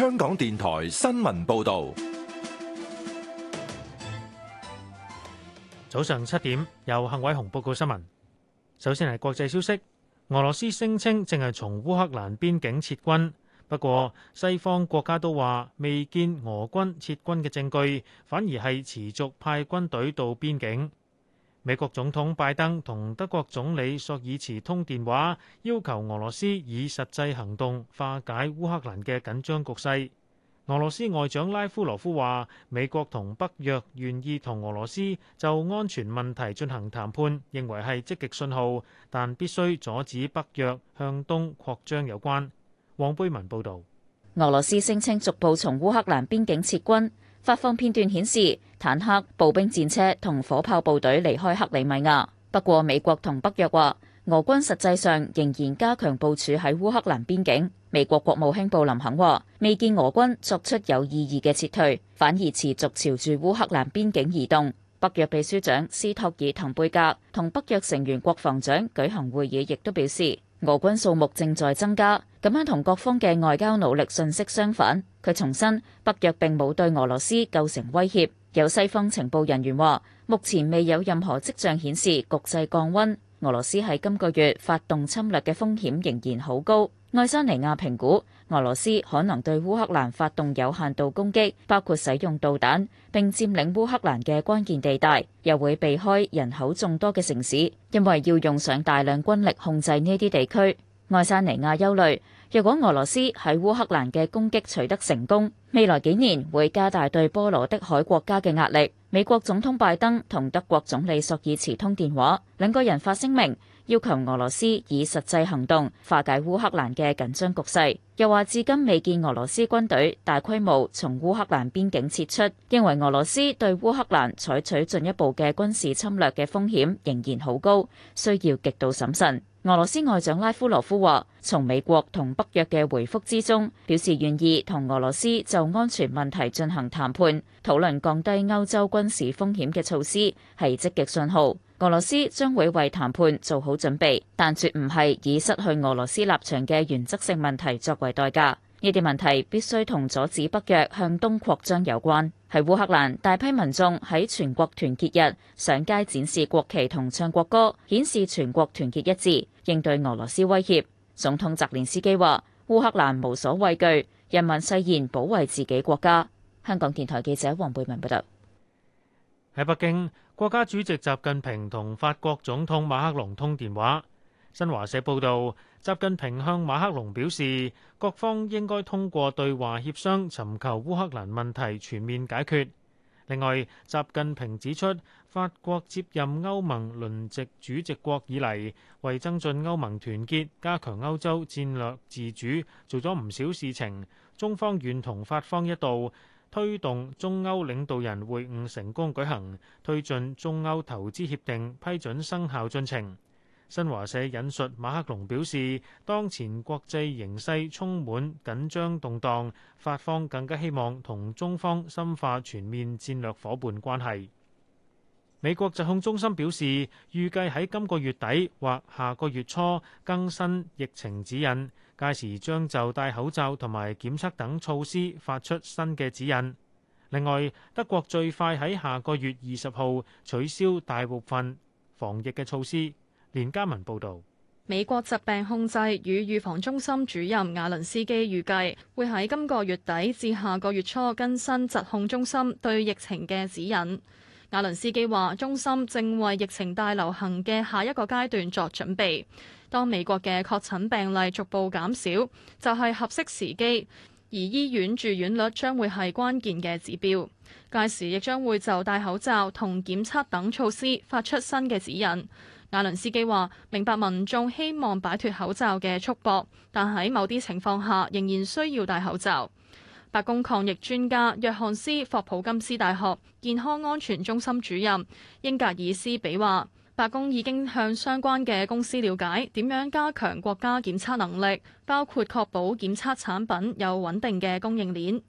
香港電台新聞報道，早上七點由幸偉雄報告新聞。首先係國際消息，俄羅斯聲稱正係從烏克蘭邊境撤軍，不過西方國家都話未見俄軍撤軍嘅證據，反而係持續派軍隊到邊境。美國總統拜登同德國總理朔爾茨通電話，要求俄羅斯以實際行動化解烏克蘭嘅緊張局勢。俄羅斯外長拉夫羅夫話，美國同北約願意同俄羅斯就安全問題進行談判，認為係積極信號，但必須阻止北約向東擴張。有關，黃貝文報道。俄羅斯聲稱逐步從烏克蘭邊境撤軍。發放片段顯示，坦克、步兵戰車同火炮部隊離開克里米亞。不過，美國同北約話，俄軍實際上仍然加強部署喺烏克蘭邊境。美國國務卿布林肯話，未見俄軍作出有意義嘅撤退，反而持續朝住烏克蘭邊境移動。北約秘書長斯托爾滕貝格同北約成員國防長舉行會議，亦都表示。俄軍數目正在增加，咁樣同各方嘅外交努力信息相反。佢重申，北約並冇對俄羅斯構成威脅。有西方情報人員話，目前未有任何跡象顯示局勢降溫。俄羅斯喺今個月發動侵略嘅風險仍然好高。愛沙尼亞評估，俄羅斯可能對烏克蘭發動有限度攻擊，包括使用導彈，並佔領烏克蘭嘅關鍵地帶，又會避開人口眾多嘅城市，因為要用上大量軍力控制呢啲地區。愛沙尼亞憂慮，若果俄羅斯喺烏克蘭嘅攻擊取得成功，未來幾年會加大對波羅的海國家嘅壓力。美國總統拜登同德國總理索爾茨通電話，兩個人發聲明。要求俄羅斯以實際行動化解烏克蘭嘅緊張局勢，又話至今未見俄羅斯軍隊大規模從烏克蘭邊境撤出，認為俄羅斯對烏克蘭採取進一步嘅軍事侵略嘅風險仍然好高，需要極度審慎。俄羅斯外長拉夫羅夫話：從美國同北約嘅回覆之中，表示願意同俄羅斯就安全問題進行談判，討論降低歐洲軍事風險嘅措施，係積極信號。俄羅斯將會為談判做好準備，但絕唔係以失去俄羅斯立場嘅原則性問題作為代價。呢啲問題必須同阻止北約向東擴張有關。喺烏克蘭，大批民眾喺全國團結日上街展示國旗同唱國歌，顯示全國團結一致，應對俄羅斯威脅。總統澤連斯基話：烏克蘭無所畏懼，人民誓言保衛自己國家。香港電台記者黃貝文報道。喺北京，國家主席習近平同法國總統馬克龍通電話。新華社報導，習近平向馬克龍表示，各方應該通過對話協商，尋求烏克蘭問題全面解決。另外，習近平指出，法國接任歐盟輪值主席國以嚟，為增進歐盟團結、加強歐洲戰略自主，做咗唔少事情。中方願同法方一道，推動中歐領導人會晤成功舉行，推進中歐投資協定批准生效進程。新華社引述馬克龍表示，當前國際形勢充滿緊張動盪，法方更加希望同中方深化全面戰略伙伴關係。美國疾控中心表示，預計喺今個月底或下個月初更新疫情指引，屆時將就戴口罩同埋檢測等措施發出新嘅指引。另外，德國最快喺下個月二十號取消大部分防疫嘅措施。連家文報道，美國疾病控制與預防中心主任亞倫斯基預計會喺今個月底至下個月初更新疾控中心對疫情嘅指引。亞倫斯基話，中心正為疫情大流行嘅下一個階段作準備。當美國嘅確診病例逐步減少，就係合適時機。而醫院住院率將會係關鍵嘅指標。屆時亦將會就戴口罩同檢測等措施發出新嘅指引。亞倫斯基話：明白民眾希望擺脫口罩嘅束縛，但喺某啲情況下仍然需要戴口罩。白宮抗疫專家約翰斯霍普金斯大學健康安全中心主任英格爾斯比話：白宮已經向相關嘅公司了解點樣加強國家檢測能力，包括確保檢測產品有穩定嘅供應鏈。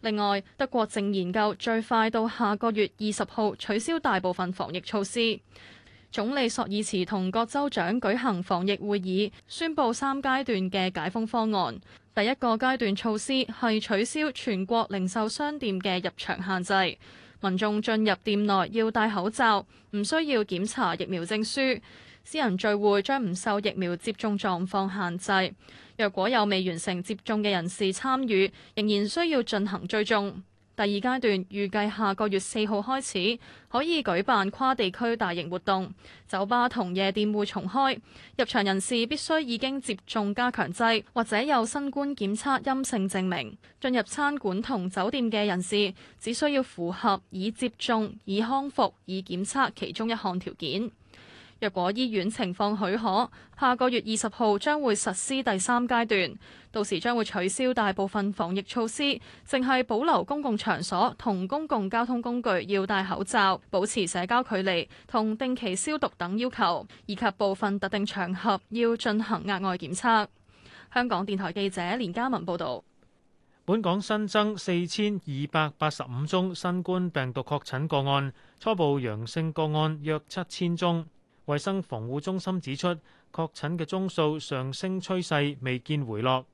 另外，德國正研究最快到下個月二十號取消大部分防疫措施。總理索爾茨同各州長舉行防疫會議，宣布三階段嘅解封方案。第一個階段措施係取消全國零售商店嘅入場限制，民眾進入店內要戴口罩，唔需要檢查疫苗證書。私人聚會將唔受疫苗接種狀況限制，若果有未完成接種嘅人士參與，仍然需要進行追蹤。第二階段預計下個月四號開始，可以舉辦跨地區大型活動，酒吧同夜店會重開，入場人士必須已經接種加強劑或者有新冠檢測陰性證明。進入餐館同酒店嘅人士只需要符合已接種、已康復、已檢測其中一項條件。若果醫院情況許可，下個月二十號將會實施第三階段，到時將會取消大部分防疫措施，淨係保留公共場所同公共交通工具要戴口罩、保持社交距離同定期消毒等要求，以及部分特定場合要進行額外檢測。香港電台記者連嘉文報導，本港新增四千二百八十五宗新冠病毒確診個案，初步陽性個案約七千宗。衛生防護中心指出，確診嘅宗數上升趨勢未見回落。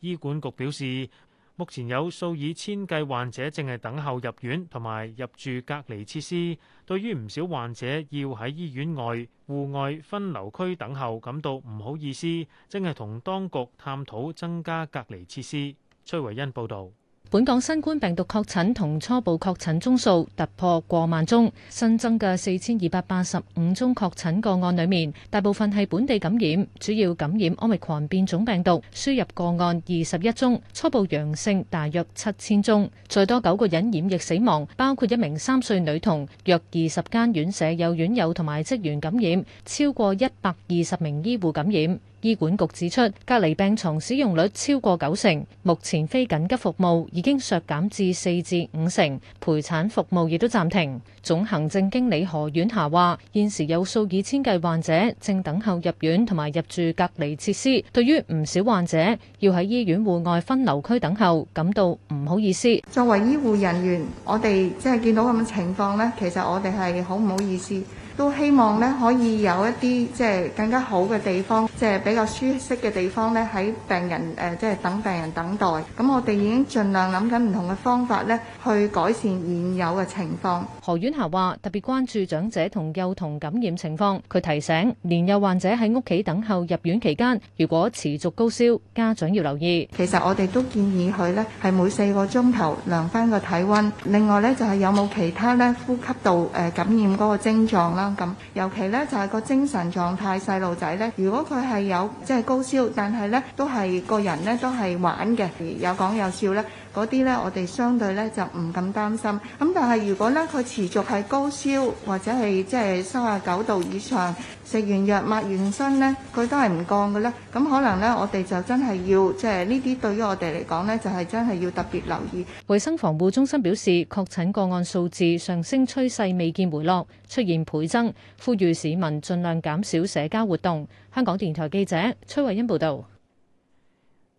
醫管局表示，目前有數以千計患者正係等候入院同埋入住隔離設施。對於唔少患者要喺醫院外戶外分流區等候，感到唔好意思，正係同當局探討增加隔離設施。崔維恩報道。本港新冠病毒確診同初步確診宗數突破過萬宗，新增嘅四千二百八十五宗確診個案裏面，大部分係本地感染，主要感染奧密克戎變種病毒。輸入個案二十一宗，初步陽性大約七千宗。再多九個人染疫死亡，包括一名三歲女童。約二十間院舍有院友同埋職員感染，超過一百二十名醫護感染。醫管局指出，隔離病床使用率超過九成，目前非緊急服務已經削減至四至五成，陪產服務亦都暫停。總行政經理何婉霞話：現時有數以千計患者正等候入院同埋入住隔離設施，對於唔少患者要喺醫院戶外分流區等候，感到唔好意思。作為醫護人員，我哋即係見到咁嘅情況呢，其實我哋係好唔好意思。都希望咧可以有一啲即係更加好嘅地方，即係比較舒適嘅地方咧，喺病人誒即係等病人等待。咁我哋已經盡量諗緊唔同嘅方法咧，去改善現有嘅情況，何婉霞話特別關注長者同幼童感染情況，佢提醒年幼患者喺屋企等候入院期間，如果持續高燒，家長要留意。其實我哋都建議佢咧係每四個鐘頭量翻個體溫。另外咧就係有冇其他咧呼吸道誒感染嗰個症狀啦。咁，尤其咧就係個精神狀態。細路仔咧，如果佢係有即係、就是、高燒，但係咧都係個人咧都係玩嘅，有講有笑咧。嗰啲呢，我哋相對咧就唔咁擔心。咁但係如果咧佢持續係高燒或者係即係三啊九度以上，食完藥抹完身呢，佢都係唔降嘅咧。咁可能咧，我哋就真係要即係呢啲對於我哋嚟講咧，就係真係要特別留意。衛生防護中心表示，確診個案數字上升趨勢未見回落，出現倍增，呼籲市民盡量減少社交活動。香港電台記者崔慧欣報道。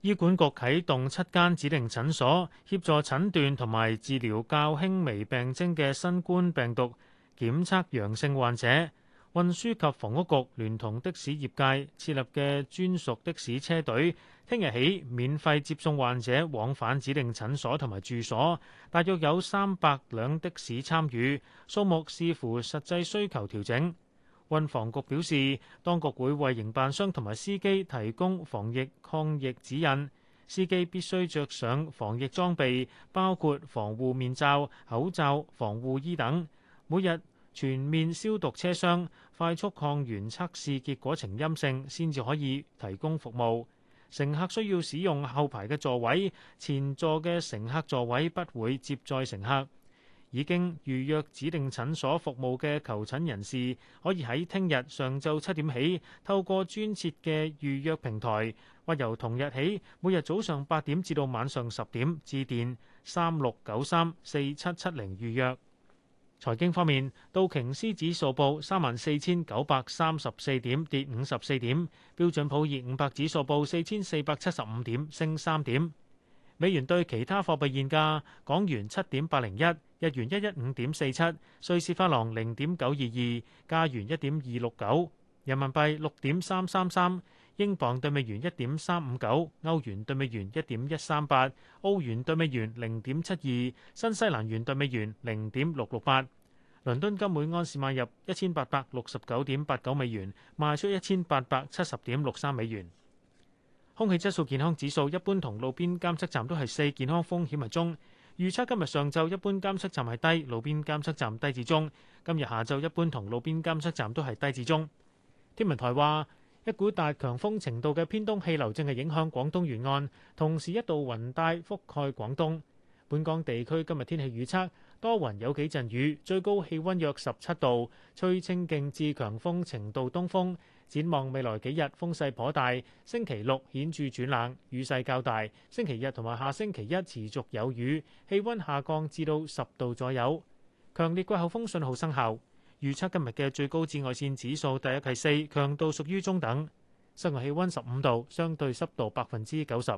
醫管局啟動七間指定診所協助診斷同埋治療較輕微病徵嘅新冠病毒檢測陽性患者。運輸及房屋局聯同的士業界設立嘅專屬的士車隊，聽日起免費接送患者往返指定診所同埋住所，大約有三百輛的士參與，數目視乎實際需求調整。運房局表示，當局會為營辦商同埋司機提供防疫抗疫指引。司機必須着上防疫裝備，包括防護面罩、口罩、防護衣等。每日全面消毒車廂，快速抗原測試結果呈陰性先至可以提供服務。乘客需要使用後排嘅座位，前座嘅乘客座位不會接載乘客。已經預約指定診所服務嘅求診人士，可以喺聽日上晝七點起透過專設嘅預約平台，或由同日起每日早上八點至到晚上十點，致電三六九三四七七零預約。財經方面，道瓊斯指數報三萬四千九百三十四點，跌五十四點；標準普爾五百指數報四千四百七十五點，升三點。美元兌其他貨幣現價，港元七點八零一。日元一一五點四七，瑞士法郎零點九二二，加元一點二六九，人民幣六點三三三，英鎊兌美元一點三五九，歐元兌美元一點一三八，澳元兌美元零點七二，新西蘭元兌美元零點六六八。倫敦金每安士買入一千八百六十九點八九美元，賣出一千八百七十點六三美元。空氣質素健康指數一般，同路邊監測站都係四，健康風險係中。預測今日上晝一般監測站係低，路邊監測站低至中。今日下晝一般同路邊監測站都係低至中。天文台話，一股達強風程度嘅偏東氣流正係影響廣東沿岸，同時一道雲帶覆蓋廣東。本港地區今日天氣預測。多雲有幾陣雨，最高氣溫約十七度，吹清勁至強風程度東風。展望未來幾日風勢頗大，星期六顯著轉冷，雨勢較大，星期日同埋下星期一持續有雨，氣溫下降至到十度左右。強烈季候風信號生效，預測今日嘅最高紫外線指數第一係四，強度屬於中等。室外氣溫十五度，相對濕度百分之九十。